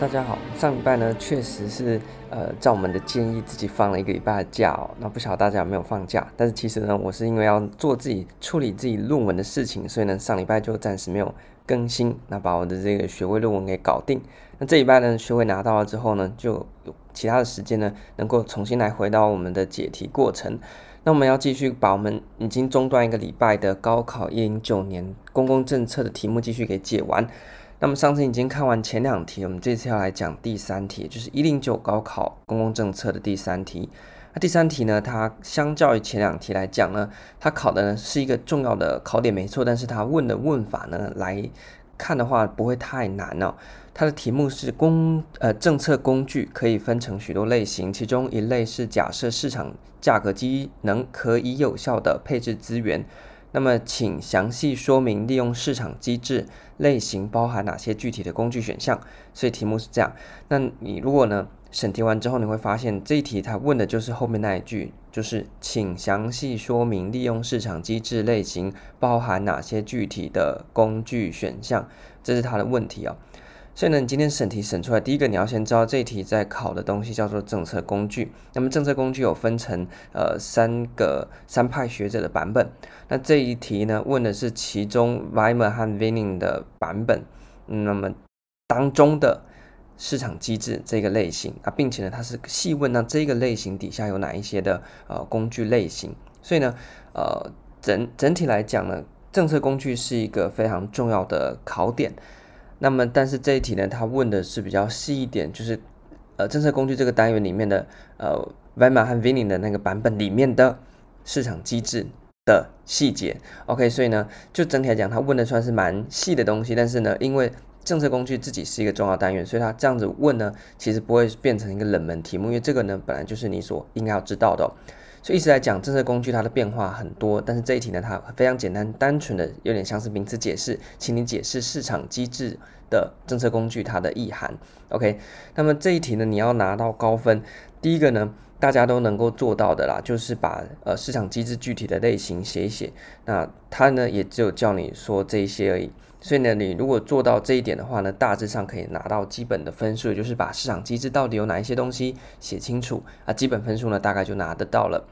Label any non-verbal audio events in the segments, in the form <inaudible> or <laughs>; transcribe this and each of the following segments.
大家好，上禮拜呢確實是呃，照我們的建議自己放了一個禮拜的假哦、喔。那不曉得大家有沒有放假？但是其實呢，我是因為要做自己處理自己論文的事情，所以呢上禮拜就暫時沒有更新。那把我的這個學位論文給搞定。那這禮拜呢學位拿到了之後呢，就有其他的時間呢，能夠重新來回到我們的解題過程。那我們要繼續把我們已經中斷一個禮拜的高考一零九年公共政策的題目繼續給解完。那麼上次已經看完前兩題，我們這次要來講第三題，就是一零九高考公共政策的第三題。那第三題呢，它相較於前兩題來講呢，它考的呢是一個重要的考點，沒錯。但是它問的問法呢來看的話，不會太難哦。它的題目是公呃，政策工具可以分成許多類型，其中一類是假設市場價格機能可以有效的配置資源。那麼，請詳細說明利用市場機制類型包含哪些具體的工具選項。所以題目是這樣。那你如果呢審題完之後，你會發現這一題它問的就是後面那一句，就是請詳細說明利用市場機制類型包含哪些具體的工具選項。這是它的問題啊、哦。所以呢，你今天審題審出來，第一個你要先知道這一題在考的東西叫做政策工具。那麼政策工具有分成呃三個三派學者的版本。那這一題呢問的是其中 Weimer 和 Vining 的版本，嗯，那麼當中的市場機制這個類型啊，並且呢它是細問，那這個類型底下有哪一些的呃工具類型。所以呢，呃整整體來講呢，政策工具是一個非常重要的考點。那麼，但是這一題呢，他問的是比較細一點，就是，呃，政策工具這個單元裡面的，呃 Weimer 和 Vining 的那個版本裡面的市場機制的細節。OK，所以呢，就整體來講，他問的算是蠻細的東西。但是呢，因為政策工具自己是一個重要單元，所以他這樣子問呢，其實不會變成一個冷門題目，因為這個呢，本來就是你所應該要知道的。所以一直在講政策工具，它的變化很多。但是這一題呢，它非常簡單、單純的，有點像是名詞解釋，請你解釋市場機制的政策工具它的意涵。OK，那麼這一題呢，你要拿到高分，第一個呢，大家都能夠做到的啦，就是把呃市場機制具體的類型寫一寫。那它呢，也只有叫你說這一些而已。所以呢，你如果做到這一點的話呢，大致上可以拿到基本的分數，也就是把市場機制到底有哪一些東西寫清楚啊，基本分數呢大概就拿得到了。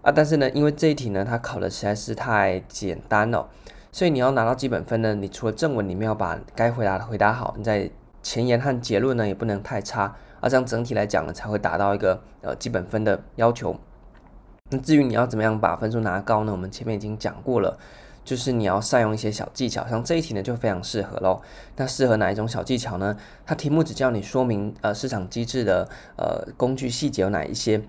啊，但是呢，因為這一題呢，它考的實在是太簡單了哦，所以你要拿到基本分呢，你除了正文裡面要把該回答的回答好，你在前言和結論呢也不能太差，啊，這樣整體來講呢才會達到一個呃基本分的要求。那至於你要怎麼樣把分數拿高呢？我們前面已經講過了。就是你要善用一些小技巧，像這一題呢就非常適合咯，那適合哪一種小技巧呢？它題目只叫你說明呃市場機制的呃工具細節有哪一些，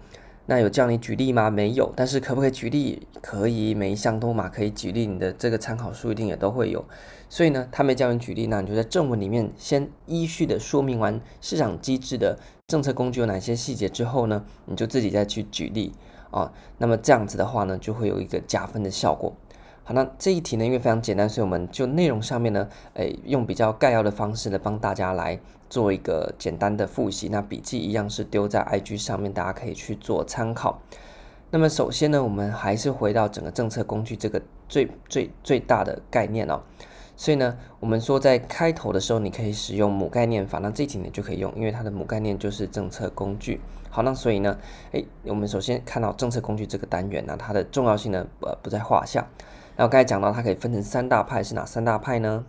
那有叫你舉例嗎？沒有，但是可不可以舉例？可以，每一項都嘛可以舉例。你的這個參考書一定也都會有，所以呢，他沒叫你舉例，那你就在正文裡面先依序的說明完市場機制的政策工具有哪些細節之後呢，你就自己再去舉例啊、哦。那麼這樣子的話呢，就會有一個加分的效果。好，那這一題呢，因為非常簡單，所以我們就內容上面呢，誒、欸，用比較概要的方式呢，幫大家來做一個簡單的複習。那筆記一樣是丟在 IG 上面，大家可以去做參考。那麼首先呢，我們還是回到整個政策工具這個最最最大的概念哦、喔。所以呢，我們說在開頭的時候，你可以使用母概念法，那這題你就可以用，因為它的母概念就是政策工具。好，那所以呢，誒、欸，我們首先看到政策工具這個單元呢、啊，它的重要性呢，呃，不在話下。那我剛才講到，它可以分成三大派，是哪三大派呢？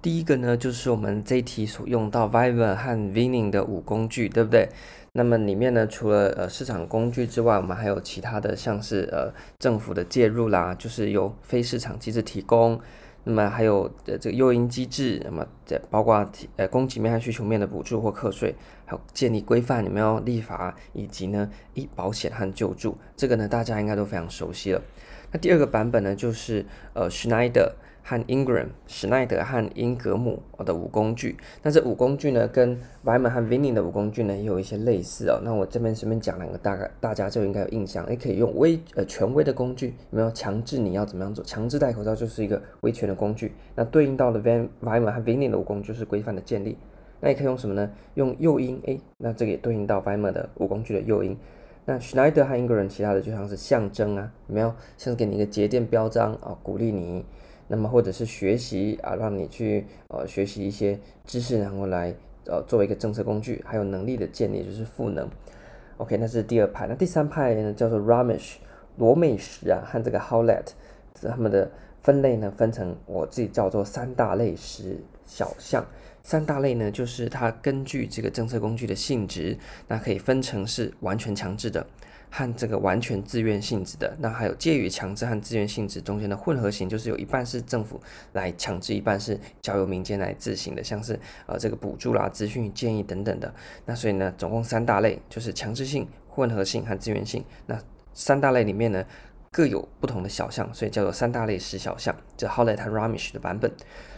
第一個呢，就是我們這一題所用到 Weimer 和 Vining 的五工具，對不對？那麼裡面呢，除了呃市場工具之外，我們還有其他的，像是呃政府的介入啦，就是由非市場機制提供。那麼還有呃這個誘因機制，那麼這、呃、包括呃供給面和需求面的補助或課稅，還有建立規範裡面、哦，你們要立法，以及呢，保險和救助，這個呢，大家應該都非常熟悉了。那第二個版本呢，就是呃 Schneider 和 Ingram 施耐德和英格姆的五工具。那這五工具呢，跟 Weimer 和 Vining 的五工具呢也有一些類似哦。那我這邊隨便講兩個，大概大家就應該有印象。哎，可以用威呃權威的工具，有沒有強制你要怎麼樣做？強制戴口罩就是一個威權的工具。那對應到了 Weimer 和 Vining 的五工具就是規範的建立。那也可以用什麼呢？用誘因，哎，那這個也對應到 Weimer 的五工具的誘因。那 Schneider 和 Ingram 其他的就像是象徵啊，有沒有，像是給你一個節電標章啊、呃，鼓勵你，那麼或者是學習啊，讓你去呃學習一些知識，然後來呃作為一個政策工具，還有能力的建立就是賦能。OK，那是第二派。那第三派呢，叫做 Ramesh 羅美石啊和這個 Howlett，他們的。分類呢，分成我自己叫做三大類十小項。三大類呢，就是它根據這個政策工具的性質，那可以分成是完全強制的和這個完全自願性質的，那還有介於強制和自願性質中間的混合型，就是有一半是政府來強制，一半是交由民間來自行的，像是呃這個補助啦、啊、資訊建議等等的。那所以呢，總共三大類，就是強制性、混合性和自願性。那三大類裡面呢，各有不同的小項，所以叫做三大類十小項。就 Howlett and Ramesh 的版本。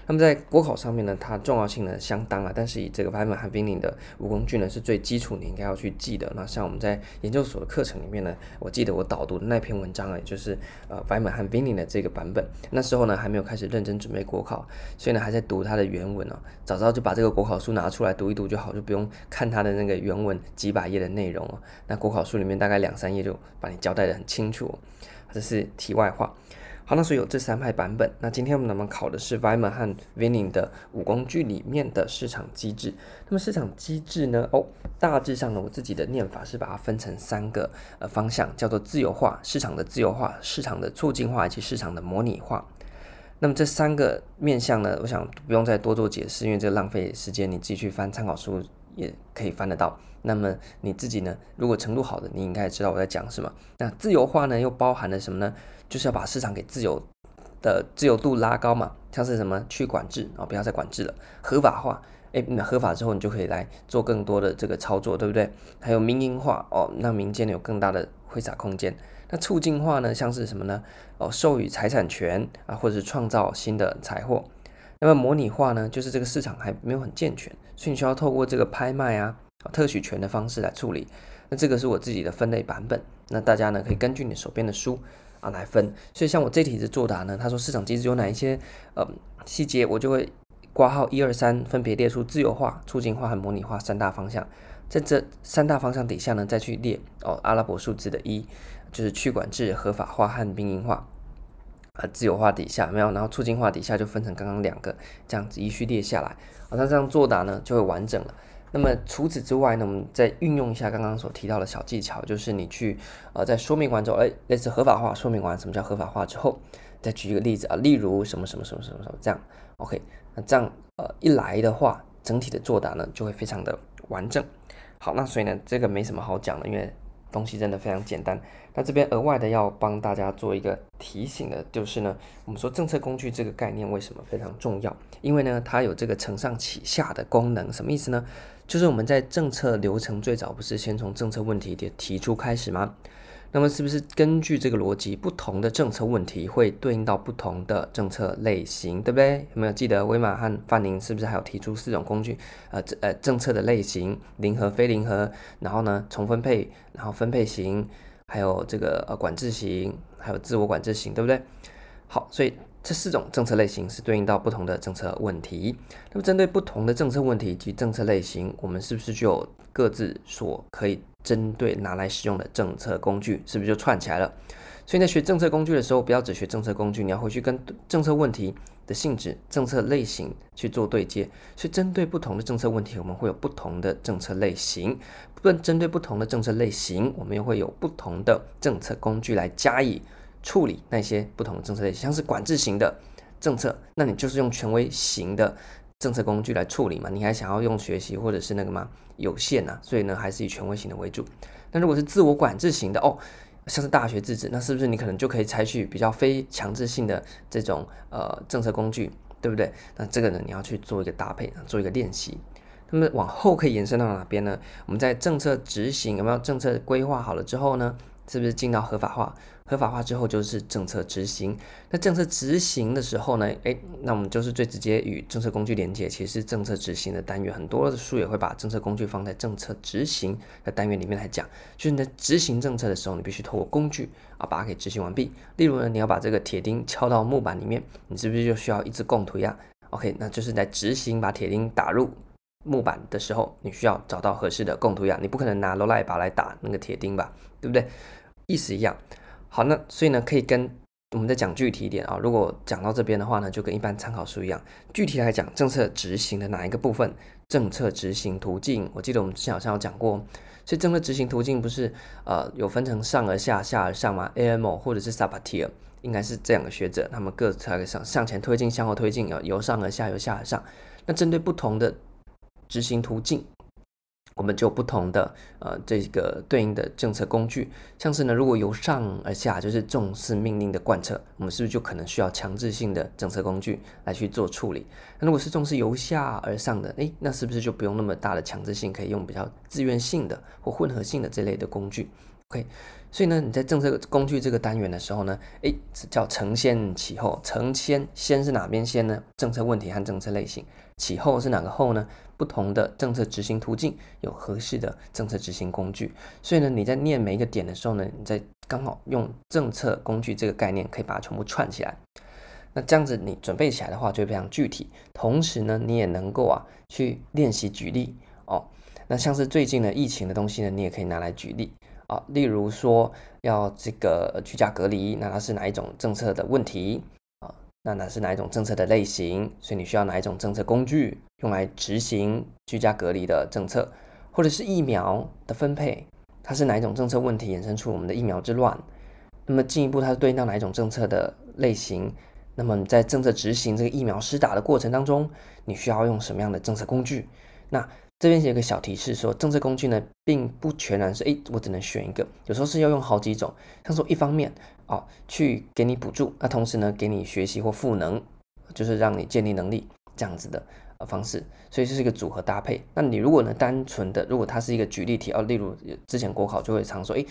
那麼在國考上面呢，它重要性呢相當啊，但是以這個 Weimer 和 Vining 的武功句呢是最基礎，你應該要去記的。那像我們在研究所的課程裡面呢，我記得我導讀的那篇文章啊，也就是呃 Weimer 和 Vining 的這個版本。那時候呢還沒有開始認真準備國考，所以呢還在讀它的原文哦。早知道就把這個國考書拿出來讀一讀就好，就不用看它的那個原文幾百頁的內容哦。那國考書裡面大概兩三頁就把你交代得很清楚哦。這是題外話。好，那所以有這三派版本。那今天我們們考的是 Weimer 和 Vining 的五工具裡面的市場機制。那麼市場機制呢？哦，大致上呢，我自己的念法是把它分成三個呃方向，叫做自由化、市場的自由化、市場的促進化以及市場的模擬化。那麼這三個面向呢，我想不用再多做解釋，因為這浪費時間，你自己去翻參考書。也可以翻得到。那麼你自己呢？如果程度好的，你應該也知道我在講什麼。那自由化呢？又包含了什麼呢？就是要把市場給自由的自由度拉高嘛。像是什麼去管制啊、哦，不要再管制了。合法化，哎、欸，那合法之後，你就可以來做更多的這個操作，對不對？還有民營化哦，讓民間有更大的揮灑空間。那促進化呢？像是什麼呢？哦，授予財產權啊，或者是創造新的財貨。那麼模擬化呢，就是這個市場還沒有很健全，所以你需要透過這個拍賣啊特許權的方式來處理。那這個是我自己的分類版本，那大家呢可以根據你手邊的書啊來分。所以像我這題的作答呢，他說市場機制有哪一些呃細節，我就會括號一二三分別列出自由化、促進化和模擬化三大方向。在這三大方向底下呢，再去列哦阿拉伯數字的一就是去管制、合法化和民營化。啊，自由化底下沒有，然後促進化底下就分成剛剛兩個這樣子一序列下來，好，啊，那這樣作答呢就會完整了。那麼除此之外呢，我們再運用一下剛剛所提到的小技巧，就是你去呃在說明完之後，哎，類似合法化，說明完什麼叫合法化之後，再舉一個例子啊，例如什麼什麼什麼什麼什麼這樣，OK，那這樣呃一來的話，整體的作答呢就會非常的完整。好，那所以呢，這個沒什麼好講的，因為。東西真的非常簡單。那這邊額外的要幫大家做一個提醒的，就是呢，我們說政策工具這個概念為什麼非常重要？因為呢，它有這個承上啟下的功能。什麼意思呢？就是我們在政策流程最早不是先從政策問題提提出開始嗎？那麼是不是根據這個邏輯，不同的政策問題會對應到不同的政策類型，對不對？有沒有記得威馬和范寧是不是還有提出四種工具？呃，這呃政策的類型，零和非零和，然後呢，重分配，然後分配型，還有這個呃管制型，還有自我管制型，對不對？好，所以這四種政策類型是對應到不同的政策問題。那麼針對不同的政策問題及政策類型，我們是不是就有各自所可以？針對拿來使用的政策工具，是不是就串起來了？所以在學政策工具的時候，不要只學政策工具，你要回去跟政策問題的性質、政策類型去做對接。所以針對不同的政策問題，我們會有不同的政策類型。不針對不同的政策類型，我們又會有不同的政策工具來加以處理那些不同的政策類型，像是管制型的政策，那你就是用權威型的。政策工具來處理嘛，你還想要用學習或者是那個嘛，有限吶啊，所以呢還是以權威型的為主。那如果是自我管制型的哦，像是大學自治，那是不是你可能就可以採取比較非強制性的這種呃政策工具，對不對？那這個呢，你要去做一個搭配，做一個練習。那麼往後可以延伸到哪邊呢？我們在政策執行有沒有政策規劃好了之後呢？是不是進到合法化？合法化之後就是政策執行，那政策執行的時候呢，哎、欸，那我們就是最直接與政策工具連接。其實是政策執行的單元，很多的書也會把政策工具放在政策執行的單元裡面來講。就是你在執行政策的時候，你必須透過工具啊，把它給執行完畢。例如呢，你要把這個鐵釘敲到木板裡面，你是不是就需要一支供圖牙？OK，那就是在執行把鐵釘打入木板的時候，你需要找到合適的供圖牙，你不可能拿羅萊把來打那個鐵釘吧，對不對？意思一樣。好，那所以呢，可以跟我們再講具體一點啊。如果講到這邊的話呢，就跟一般參考書一樣，具體來講政策執行的哪一個部分，政策執行途徑。我記得我們之前好像有講過，所以政策執行途徑不是呃有分成上而下、下而上嗎？AMO 或者是 Sabatier，應該是這兩個學者他們各自來向向前推進、向後推進，要由上而下、由下而上。那針對不同的執行途徑。我們就不同的呃，這個對應的政策工具，像是呢，如果由上而下就是重視命令的貫徹，我們是不是就可能需要強制性的政策工具來去做處理？那如果是重視由下而上的，哎，那是不是就不用那麼大的強制性，可以用比較自願性的或混合性的這類的工具？OK。所以呢，你在政策工具這個單元的時候呢，誒，叫承先啟後，承先先是哪邊先呢？政策問題和政策類型，啟後是哪個後呢？不同的政策執行途徑有合適的政策執行工具。所以呢，你在念每一個點的時候呢，你在剛好用政策工具這個概念可以把它全部串起來。那這樣子你準備起來的話就非常具體，同時呢，你也能夠啊去練習舉例哦。那像是最近的疫情的東西呢，你也可以拿來舉例。啊，例如說要這個居家隔離，那它是哪一種政策的問題啊？那它是哪一種政策的類型？所以你需要哪一種政策工具用來執行居家隔離的政策，或者是疫苗的分配？它是哪一種政策問題衍生出我們的疫苗之亂？那麼進一步它對應到哪一種政策的類型？那麼你在政策執行這個疫苗施打的過程當中，你需要用什麼樣的政策工具？那？這邊有一個小提示說，說政策工具呢，並不全然是哎、欸，我只能選一個，有時候是要用好幾種。像說一方面啊、哦，去給你補助，那同時呢，給你學習或賦能，就是讓你建立能力這樣子的呃方式。所以這是一個組合搭配。那你如果呢單純的，如果它是一個舉例題，啊、哦，例如之前國考就會常說，哎，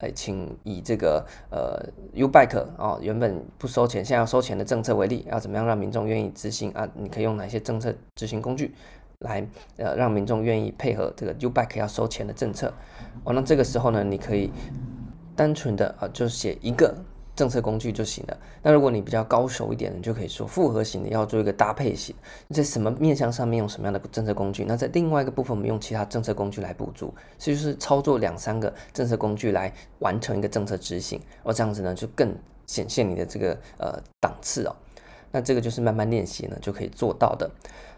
哎，請以這個呃 U-bike 啊、哦，原本不收錢，現在要收錢的政策為例，要怎麼樣讓民眾願意執行啊？你可以用哪些政策執行工具？來，呃，讓民眾願意配合這個 U-bike 要收錢的政策，哦，那這個時候呢，你可以單純的啊、呃，就是寫一個政策工具就行了。那如果你比較高手一點，你就可以說複合型的，要做一個搭配型，在什麼面向上面用什麼樣的政策工具？那在另外一個部分，我們用其他政策工具來補足，所以就是操作兩三個政策工具來完成一個政策執行。哦，這樣子呢，就更顯現你的這個呃檔次哦。那這個就是慢慢練習呢，就可以做到的。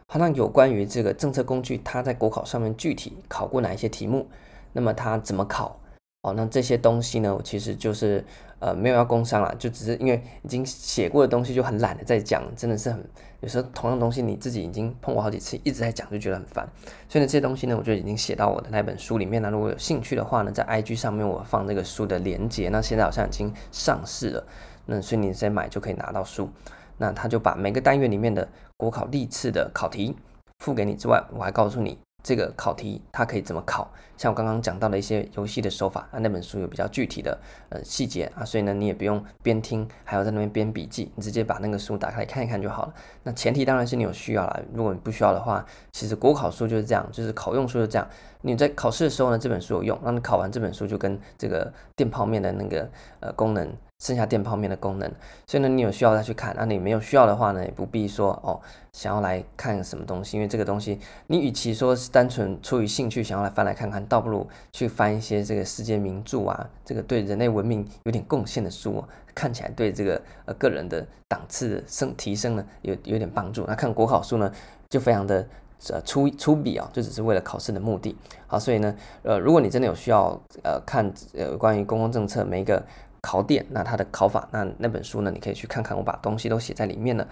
好，好像，啊，有關於這個政策工具，它在國考上面具體考過哪一些題目？那麼它怎麼考？哦，那這些東西呢，我其實就是呃，沒有要工商了，就只是因為已經寫過的東西，就很懶得再講，真的是很，有時候同樣的東西你自己已經碰過好幾次，一直在講就覺得很煩。所以呢，這些東西呢，我就已經寫到我的那本書裡面了。那如果有興趣的話呢，在 IG 上面我放這個書的鏈接，那現在好像已經上市了，那所以你直接買就可以拿到書。那他就把每個單元裡面的。國考歷次的考題附給你之外，我還告訴你這個考題它可以怎麼考。像我剛剛講到的一些遊戲的手法，那、啊、那本書有比較具體的呃細節啊，所以呢你也不用邊聽還要在那邊邊筆記，你直接把那個書打開來看一看就好了。那前提當然是你有需要了，如果你不需要的話，其實國考書就是這樣，就是考用書就是這樣。你在考試的時候呢，這本書有用，那、啊、你考完這本書就跟這個電泡麵的那個呃功能，剩下電泡麵的功能。所以呢，你有需要再去看，那、啊、你沒有需要的話呢，也不必說哦，想要來看什麼東西，因為這個東西你與其說是單純出於興趣想要來翻來看看，倒不如去翻一些這個世界名著啊，這個對人類文明有點貢獻的書，哦，看起來對這個呃個人的檔次升提升呢有有點幫助。那看國考書呢，就非常的。這粗粗筆啊，就只是為了考試的目的。好，所以呢，呃，如果你真的有需要，呃，看呃關於公共政策每一個考點，那它的考法，那那本書呢，你可以去看看，我把東西都寫在裡面了。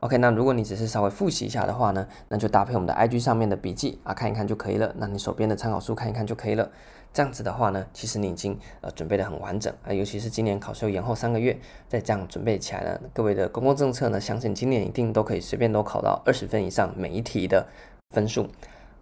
OK，那如果你只是稍微復習一下的話呢，那就搭配我們的 IG 上面的筆記啊，看一看就可以了。那你手邊的參考書看一看就可以了。這樣子的話呢，其實你已經呃準備得很完整啊，尤其是今年考試延後三個月，再這樣準備起來呢，各位的公共政策呢，相信今年一定都可以隨便都考到二十分以上，每一題的分數。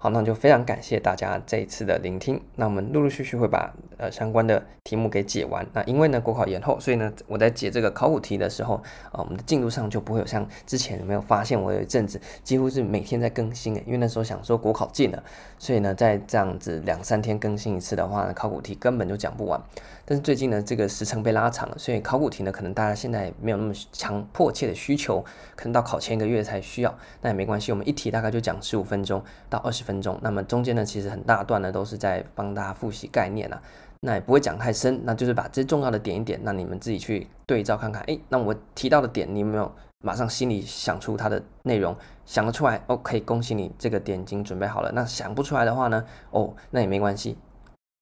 好，那就非常感謝大家這一次的聆聽。那我們陸陸續續會把呃相關的題目給解完。那因為呢國考延後，所以呢我在解這個考古題的時候啊，我們的進度上就不會有，像之前有沒有發現，我有一陣子幾乎是每天在更新哎，因為那時候想說國考近了，所以呢在這樣子兩三天更新一次的話呢，考古題根本就講不完。但是最近呢，這個時程被拉長了，所以考古題呢，可能大家現在沒有那麼強迫切的需求，可能到考前一個月才需要。那也沒關係，我們一題大概就講十五分鐘到二十分鐘。那麼中間呢，其實很大段呢都是在幫大家複習概念了，啊，那也不會講太深，那就是把最重要的點一點，那你們自己去對照看看。哎，那我提到的點，你有沒有馬上心裡想出它的內容？想得出來，OK，恭喜你這個點已經準備好了。那想不出來的話呢，哦，那也沒關係。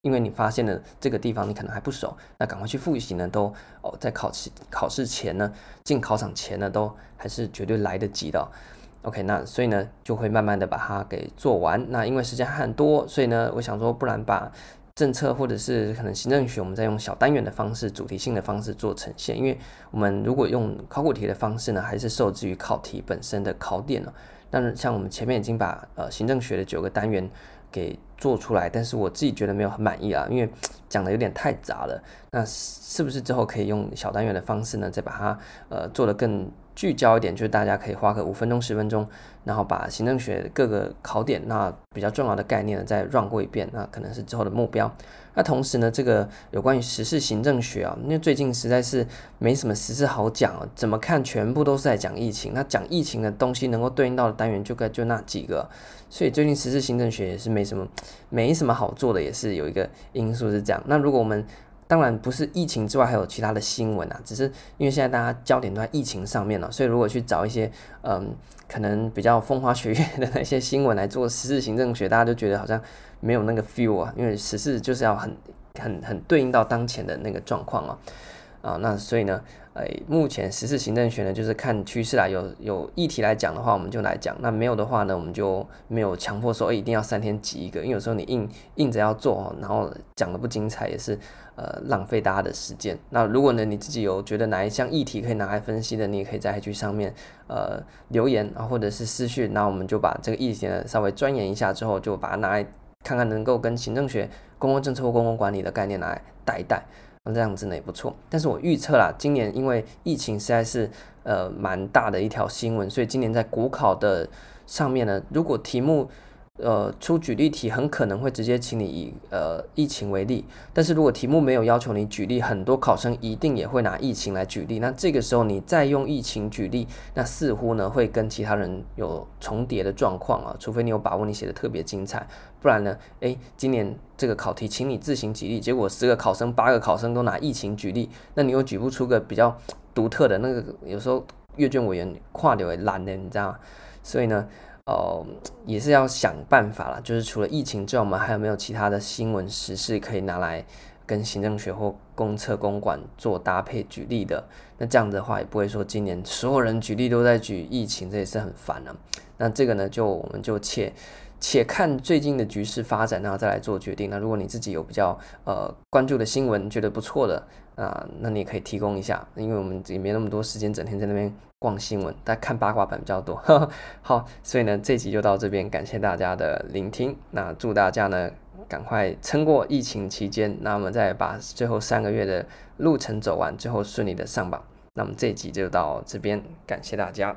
因為你發現了這個地方，你可能還不熟，那趕快去複習呢。都哦，在考試考試前呢，進考場前呢，都還是絕對來得及的哦。OK，那所以呢，就會慢慢的把它給做完。那因為時間還很多，所以呢，我想說，不然把政策或者是可能行政學，我們再用小單元的方式、主題性的方式做呈現。因為我們如果用考古題的方式呢，還是受制於考題本身的考點了哦。但是像我們前面已經把呃行政學的九個單元給。做出來，但是我自己覺得沒有很滿意啊，因為講的有點太雜了。那是不是之後可以用小單元的方式呢，再把它呃做得更聚焦一點，就是大家可以花個五分鐘、十分鐘，然後把行政學各個考點那比較重要的概念呢再 run 過一遍。那可能是之後的目標。那同時呢，這個有關於時事行政學啊、哦，因為最近實在是沒什麼時事好講啊、哦，怎麼看全部都是在講疫情。那講疫情的東西能夠對應到的單元就該就那幾個，所以最近時事行政學也是沒什麼沒什麼好做的，也是有一個因素是這樣。那如果我們當然不是疫情之外還有其他的新聞啊，只是因為現在大家焦點都在疫情上面了、啊，所以如果去找一些嗯可能比較風花雪月的那些新聞來做時事行政學，大家就覺得好像沒有那個 feel 啊，因為時事就是要很很很對應到當前的那個狀況啊。啊、哦，那所以呢，哎、欸，目前時事行政學呢，就是看趨勢來有有議題來講的話，我們就來講。那沒有的話呢，我們就沒有強迫說、欸、一定要三天擠一個，因為有時候你硬硬着要做，然後講得不精彩也是呃浪費大家的時間。那如果呢，你自己有覺得哪一項議題可以拿來分析的，你也可以在 IG 上面呃留言啊，或者是私訊。那我們就把這個議題呢稍微鑽研一下之後，就把它拿來看看能夠跟行政學、公共政策或公共管理的概念來帶一帶。這樣子呢也不錯，但是我預測啦，今年因為疫情實在是呃蠻大的一條新聞，所以今年在國考的上面呢，如果題目。呃，出舉例題很可能會直接請你以呃疫情為例，但是如果題目沒有要求你舉例，很多考生一定也會拿疫情來舉例。那這個時候你再用疫情舉例，那似乎呢會跟其他人有重疊的狀況啊，除非你有把握你寫的特別精彩，不然呢，哎、欸，今年這個考題請你自行舉例，結果十個考生八個考生都拿疫情舉例，那你又舉不出個比較獨特的那個，有時候閱卷委員跨流也懶得，你知道嗎？所以呢。哦、呃，也是要想辦法啦。就是除了疫情之外，我們還有沒有其他的新聞時事，可以拿來跟行政學或公策公管做搭配舉例的？那這樣的話，也不會說今年所有人舉例都在舉疫情，這也是很煩的啊。那這個呢，就我們就切，且看最近的局勢發展，然後再來做決定。那如果你自己有比較呃關注的新聞，覺得不錯的啊、呃，那你也可以提供一下。因為我們也沒那麼多時間，整天在那邊逛新聞，大家看八卦版比較多。 <laughs> 好，所以呢，這集就到這邊，感謝大家的聆聽。那祝大家呢趕快撐過疫情期間，那我們再把最後三個月的路程走完，最後順利的上榜。那麼這集就到這邊，感謝大家。